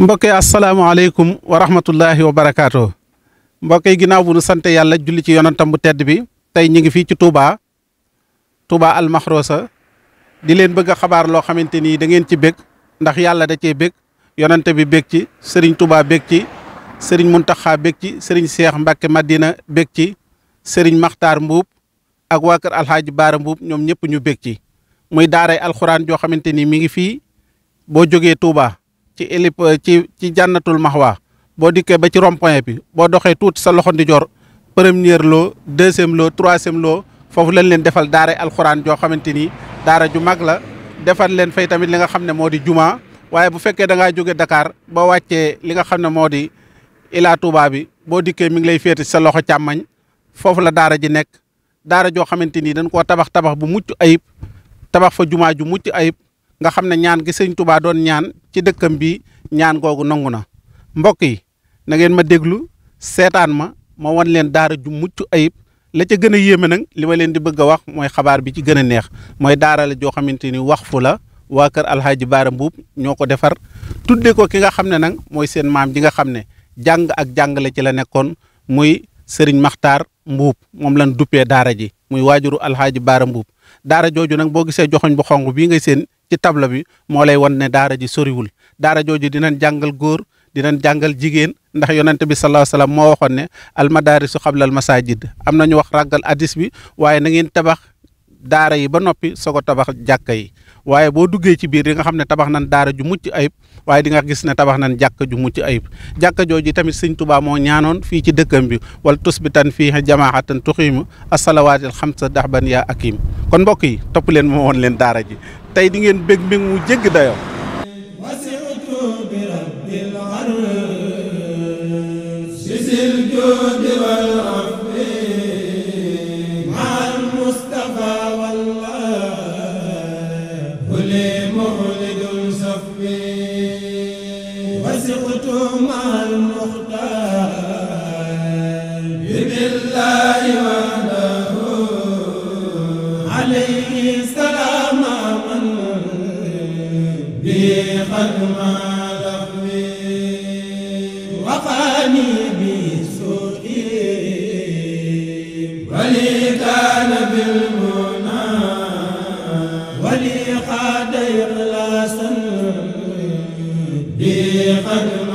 mbokk yi asalaamaaleykum wa rahmatullahi wa barakaatu mbokk yi ginnaaw bu nu sant yàlla julli ci yonantam bu tedd bi tey ñu ngi fii ci Touba Touba Almaxroosa di leen bëgg xabaar loo xamante ni dangeen ci bég ndax yàlla da cee bég yonante bi bég ci Serigne Touba bég ci sëriñ Serigne Mountakha bég ci Serigne Cheikh Mbacke Madina bég ci sëriñ maxtaar Mbuub ak waa kër Alhaji Baara Mbuub ñoom ñëpp ñu bég ci muy daaray alxuraan joo xamante ni mi ngi fii boo jógee Touba. ci élip ci ci jànnatul maxwaa boo dikkee ba ci rond bi boo doxee tuuti sa loxo ndijoor première loo deuxième loo troisième loo foofu lañ leen defal daara alxuraan joo xamante ni daara ju mag la defal leen fay tamit li nga xam ne moo di jumaa waaye bu fekkee da ngaa jóge dakaar boo wàccee li nga xam ne moo di Ila Touba bi boo dikkee mi ngi lay féete sa loxo càmmañ foofu la daara ji nekk daara joo xamante ni dañ koo tabax tabax bu mucc ayib tabax fa jumaa ju mucc ayib nga xam ne ñaan gi sëñ tubaa doon ñaan ci dëkkam bi ñaan googu nangu na mbokk yi na ngeen ma déglu seetaan ma ma wan leen daara ju mucc ayib la ca gën a yéeme nag li ma leen di bëgg a wax mooy xabaar bi ci gën a neex mooy daara la joo xamante ni wax fu la waa kër Alhaji Baara Mbuub ñoo ko defar tudde ko ki nga xam ne nag mooy seen maam ji nga xam ne jàng ak jàngale ci la nekkoon muy sëriñ maxtaar Mbuub moom lan duppee daara ji muy waajuru Alhaji Baara daara jooju nag boo gisee joxoñ bu xonq bii ngay seen ci tabla bi moo lay won ne daara ji soriwul daara jooju dinañ jàngal góor dinañ jàngal jigéen ndax yonent bi sallallahu alayhi wasallam moo waxoon ne almadaarisu xabla al masajid am na ñu wax ràggal addis bi waaye na ngeen tabax daara yi ba noppi soog a tabax jàkka yi waaye boo duggee ci biir di nga xam ne tabax nan daara ju mucc ayib waaye di nga gis ne tabax nan jàkka ju mucc ayib jàkka jooju tamit sëñ Tuubaa moo ñaanoon fii ci dëkkam bi wal tusbitan fii jamaatan tuxiimu asalawaatil xamsa daxban yaa akim kon mbokk yi topp leen moo leen daara ji tey di ngeen bég mbég mu jégg dayoo وسقت مع المختار بملة bi qad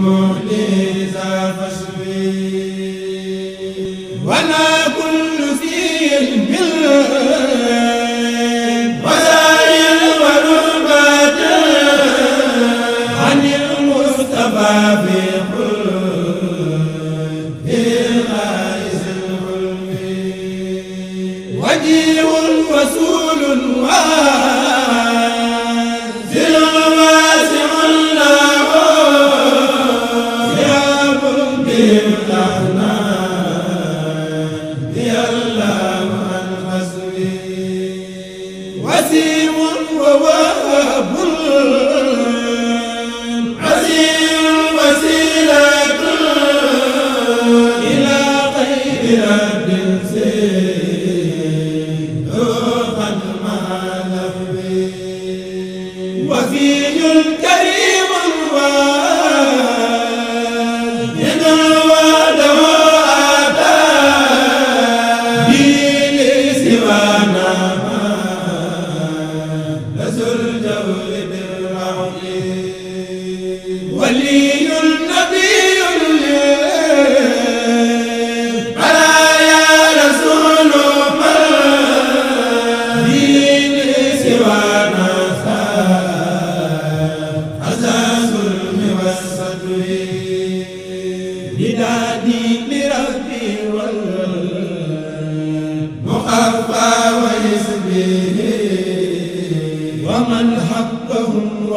moo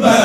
ba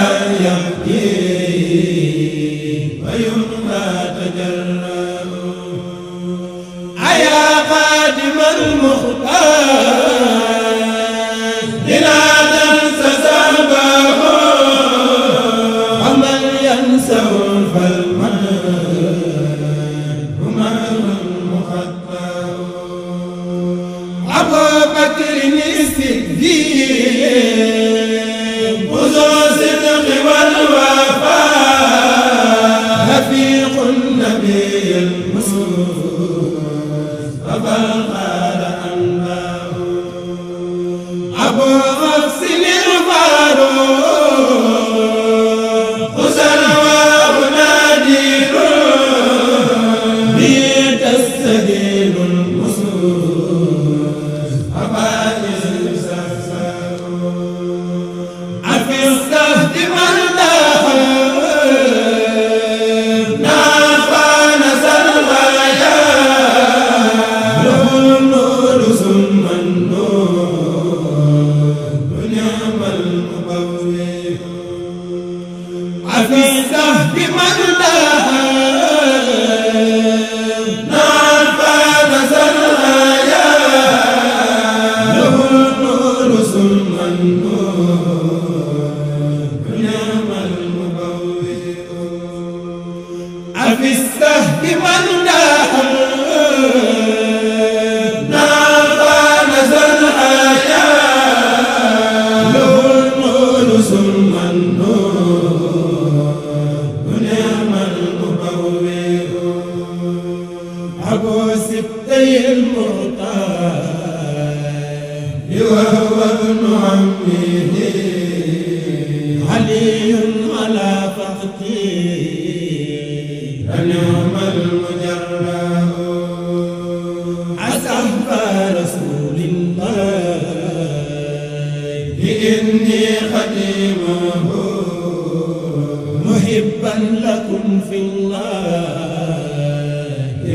خديمه محبا لكم في الله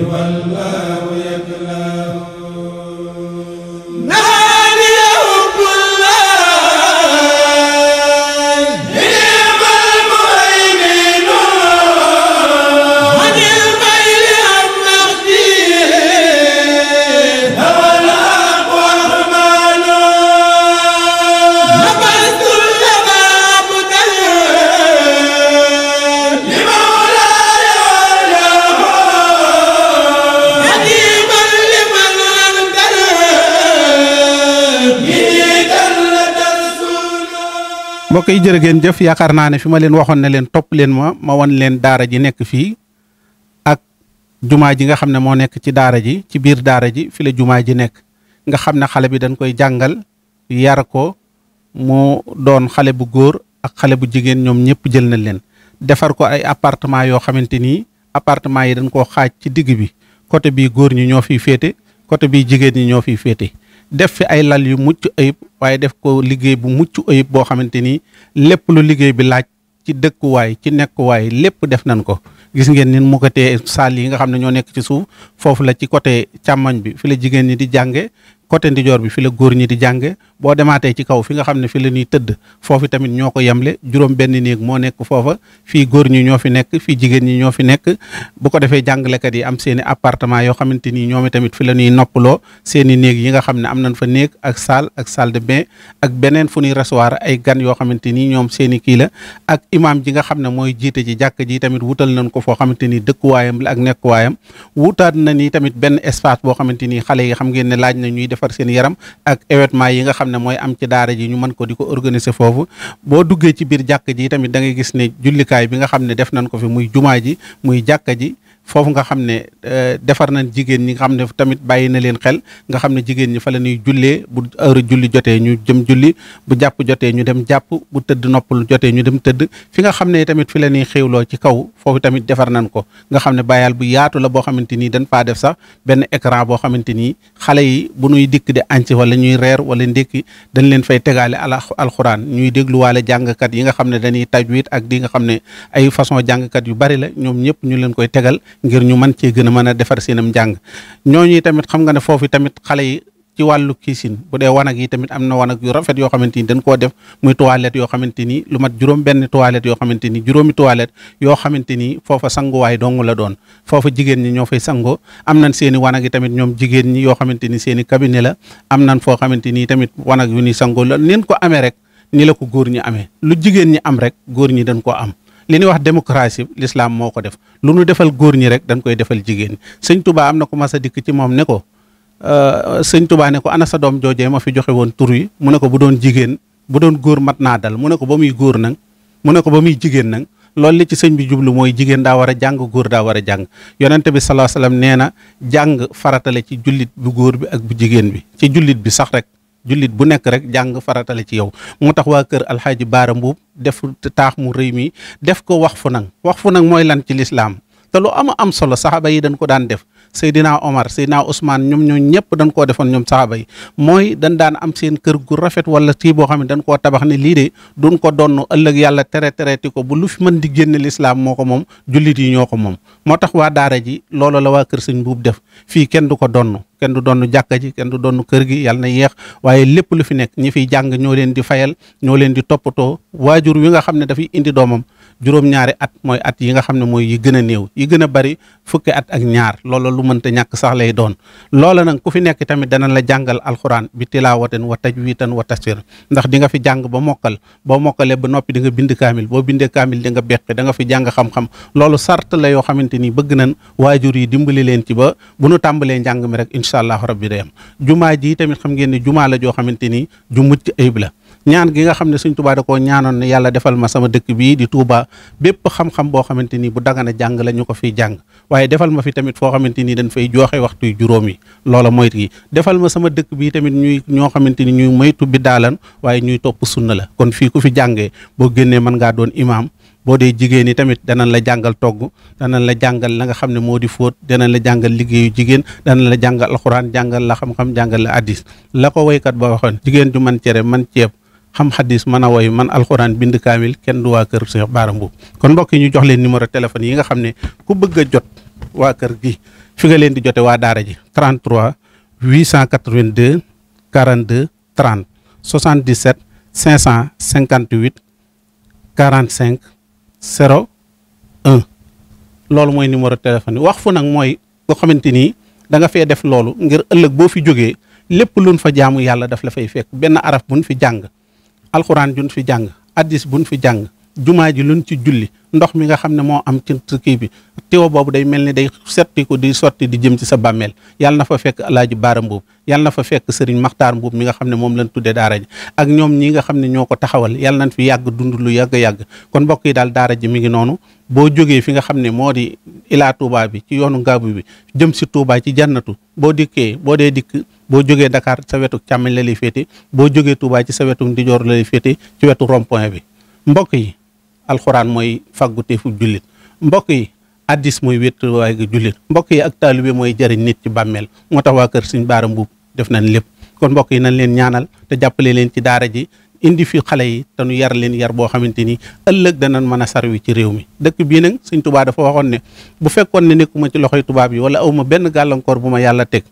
والله mbokk yi jërë ngeen jëf yaakaar naa ne fi ma leen waxoon ne leen topp leen ma ma wan leen daara ji nekk fii ak jumaa ji nga xam ne moo nekk ci daara ji ci biir daara ji fi la jumaa ji nekk nga xam ne xale bi dañ koy jàngal yar ko mu doon xale bu góor ak xale bu jigéen ñoom ñëpp jël na leen defar ko ay appartement yoo xamante ni appartement yi dañ koo xaaj ci digg bi côté bii góor ñi ñoo fii féete côté bii jigéen ñi ñoo fii féete def fi ay lal yu mucc ayib waaye def ko liggéey bu mucc ayib boo xamante ni lépp lu liggéey bi laaj ci dëkkuwaay ci nekkuwaay lépp def nañ ko gis ngeen ni mu ko tee saal yi nga xam ne ñoo nekk ci suuf foofu la ci côté càmmoñ bi fi la jigéen ñi di jànge côté ndijoor bi fi la góor ñi di jànge boo demaatee ci kaw fi nga xam ne fi la ñuy tëdd foofu tamit ñoo ko yemle juróom benn néeg moo nekk foofa fii góor ñi ñoo fi nekk fii jigéen ñi ñoo fi nekk bu ko defee jàngalekat yi am seen appartement yoo xamante nii ñoom tamit fi la ñuy noppaloo seen i yi nga xam ne am nañ fa néeg ak salle ak salle de ak beneen fu ñuy recevoir ay gan yoo xamante nii ñoom seen i kii la ak imaam ji nga xam ne mooy jiite ci jàkk ji tamit wutal nañ ko foo xamante nii dëkkuwaayam la ak nekkuwaayam wutaat na ni tamit benn espace boo xamante nii xale yi xam ngeen ne laaj na ñuy defar seen yaram ak événement yi nga xam ne mooy am ci daara ji ñu mën ko di ko organiser foofu boo duggee ci biir jàkk ji tamit da ngay gis ne jullikaay bi nga xam ne def nañ ko fi muy jumaa ji muy jàkka ji foofu nga xam ne euh, defar nañ jigéen ñi nga xam ne tamit bàyyi na leen xel nga xam ne jigéen ñi fa la ñuy jullee bu heure julli jotee ñu jëm julli bu jàpp jotee ñu dem jàpp bu tëdd noppal jotee ñu dem tëdd fi nga xam ne tamit fi la nuy xéwloo ci kaw foofu tamit defar nañ ko nga xam ne bàyyal bu yaatu la boo xamante nii dañ faa def sax benn écran boo xamante nii xale yi bu nuy dikk di anc wala ñuy reer wala ndékki dañ leen fay tegaale al alxuraan ñuy dégluwaale jàngkat yi nga xam ne dañuy tajwid ak di nga xam ne ay façon jàngkat yu bari la ñoom ñëpp ñu leen koy tegal ngir ñu mën cee gën a mën a defar seenam njàng ñooñu tamit xam nga ne foofu tamit xale yi ci wàllu kiisin bu dee wanag yi tamit am na wanag yu rafet yoo xamante ni dañ koo def muy yoo xamante ni lu mat juróom benn toilette yoo xamante ni juróomi yoo xamante ni foofa sanguwaay dong la doon foofa jigéen ñi ñoo fay sangoo am nañ seen wanag yi tamit ñoom jigéen ñi yoo xamante ni seen i cabinet la am nañ foo xamante ni tamit wanag yu ñuy sangoo la neen ko amee rek ni la ko góor ñi amee lu jigéen ñi am rek góor ñi dañ koo am li ñuy wax démocratie lislaam moo ko def lu nu defal góor ñi rek dañ koy defal jigéen sëñ tubaa am na ko mas a dikk ci moom ne ko euh, sëñ tubaa ne ko ana sa doom joojee ma fi joxe woon tur mu ne ko bu doon jigéen bu doon góor mat naa dal mu ne ko ba muy góor nag mu ne ko ba muy jigéen nag loolu li ci sëñ bi jublu mooy jigéen daa war a jàng góor daa war a jàng yonente bi salaa salaam nee na jàng faratale ci jullit bu góor bi ak bu jigéen bi ci jullit bi sax rek jullit bu nekk rek jàng faratale ci yow moo tax waa kër alxaaji baara mbuub def taax mu rëy mi def ko wax fu nag wax fu nag mooy lan ci lislaam te lu ama am solo saxaaba yi dañ ko daan def Seydina Omar Seydina Ousmane ñoom ñoo ñëpp dañ koo defoon ñoom saxaaba yi mooy dañ daan am seen kër gu rafet wala tii boo xam ne dañ koo tabax ne lii de duñ ko donn ëllëg yàlla tere tereti ko bu lu fi mën di génne lislaam moo ko moom jullit yi ñoo ko moom moo tax waa daara ji loolu la waa kër sëñ mbuub def fii kenn du ko donn kenn du doon jàkka ji kenn du doon kër gi yàlla na yéex waaye lépp lu fi nekk ñi fiy jàng ñoo leen di fayal ñoo leen di toppatoo waajur wi nga xam ne dafay indi doomam juróom-ñaari at mooy at yi nga xam ne mooy yi gën a yi gën a bari fukki at ak ñaar loola lu ñàkk sax lay doon loola nag ku fi nekk tamit danañ la jàngal alxuraan bi tilaawaten wa tajwiitan wa tafsir ndax di nga fi jàng ba mokkal boo mokkalee ba noppi di nga bind kaamil boo bindee kaamil di nga beqi da nga fi jàng xam-xam loolu sart la yoo xamante ni bëgg nañ waajur incha allahu rabbi day am jumaa ji tamit xam ngeen ne jumaa la joo xamante ni ju mucc ayib la ñaan gi nga xam ne suñ tubaa da koo ñaanoon ne yàlla defal ma sama dëkk bii di tuubaa bépp xam-xam boo xamante ni bu dagana jàng la ñu ko fi jàng waaye defal ma fi tamit foo xamante ni dañ fay jooxe waxtu yu juróom yi loola mooy gi defal ma sama dëkk bii tamit ñuy ñoo xamante ni ñuy moytu bi daalan waaye ñuy topp sunna la kon fii ku fi jàngee boo génnee mën ngaa doon imaam boo dee jigéen yi tamit danañ la jàngal togg danañ la jàngal la nga xam ne moo di fóot danañ la jàngal liggéeyu jigéen danañ la jàngal alxuraan jàngal la xam-xam jàngal la addis la ko woykat ba waxoon jigéen ju man cere man ceeb xam xadis man a woy man alxuraan bind kaamil kenn du waa kër Cheikh Bara kon mbokk yi ñu jox leen numéro téléphone yi nga xam ne ku bëgg a jot waa kër gi fi nga leen di jote waa daara ji 33 882 42 30 77 558 45 zéro loolu mooy numéro téléphone wax fu nag mooy nga xamante ni da nga fee def loolu ngir ëllëg boo fi jógee lépp luñ fa jaamu yàlla daf la fay fekk benn araf buñ fi jàng alxuraan juñ fi jàng addis buñ fi jàng jumaa ji luñ ci julli ndox mi nga xam ne moo am ci kii bi tiwo boobu day mel ni day sotti ko di sotti di jëm ci sa bàmmeel yal na fa fekk alaaji baara mbuub yàlla na fa fekk sëriñ maxtaar mbuub mi nga xam ne moom lañ tuddee daara ji ak ñoom ñi nga xam ne ñoo ko taxawal yàlla nañ fi yàgg dund lu yàgg-yàgg kon mbokk yi daal daara ji mi ngi noonu boo jógee fi nga xam ne moo di ilaa Touba bi ci yoonu ngaabu bi jëm si Touba ci jannatu boo dikkee boo dee dikk boo jógee ndakaar sa wetu càmmoñ la féete boo jógee Touba ci sa wetu la féete ci wetu bi mbokk yi alxuraan mooy fàggu fu jullit mbokk yi addis mooy wéttuwaay gi jullit mbokk yi ak taalibe mooy jariñ nit ci bàmmeel moo tax waa kër suñ baara mbuub def nañ lépp kon mbokk yi nañ leen ñaanal te jàppale leen ci daara ji indi fi xale yi te nu yar leen yar boo xamante ni ëllëg danañ mën a sarwi ci réew mi dëkk bii nag suñ tubaa dafa waxoon ne bu fekkoon ne nekkuma ci loxoy tubaab yi wala awma benn gàllankoor bu ma yàlla teg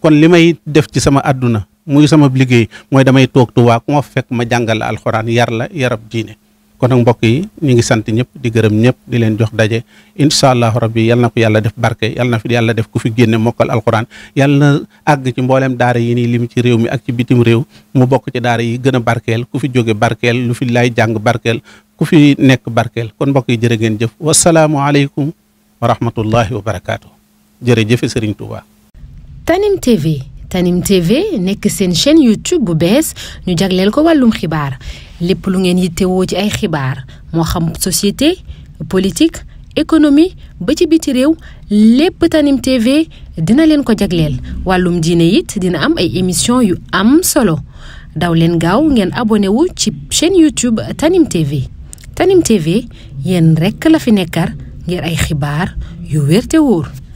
kon li may def ci sama àdduna muy sama liggéey mooy damay toog tubaa ku ma fekk ma jàngal alxuraan yar la yarab diine kon nag mbokk yi ñu ngi sant ñëpp di gërëm ñëpp di leen jox daje incha allahu rabbi yal na yàlla def barke yal fi yàlla def ku fi génne mokkal alquran yal na àgg ci mbooleem daara yi nii lim ci réew mi ak ci bitim réew mu bokk ci daara yi gën a barkeel ku fi jóge barkeel lu fi lay jàng barkeel ku fi nekk barkeel kon mbokk yi jërë ngeen jëf wasalaamu aleykum wa rahmatullahi wa barakaatu jërëjëf Serigne Touba. Tanim TV Tanim TV nekk seen chaîne YouTube bu bees ñu jagleel ko wàllum xibaar. lépp lu ngeen yittewoo ci ay xibaar moo xam société politique économie ba ci biti réew lépp Tanim dina leen ko jagleel wàllum diine it dina am ay émission yu am solo daw leen gaaw ngeen abonné wu ci chaîne YouTube Tanim TV Tanim TV rekk la fi nekkar ngir ay xibaar yu wér te wóor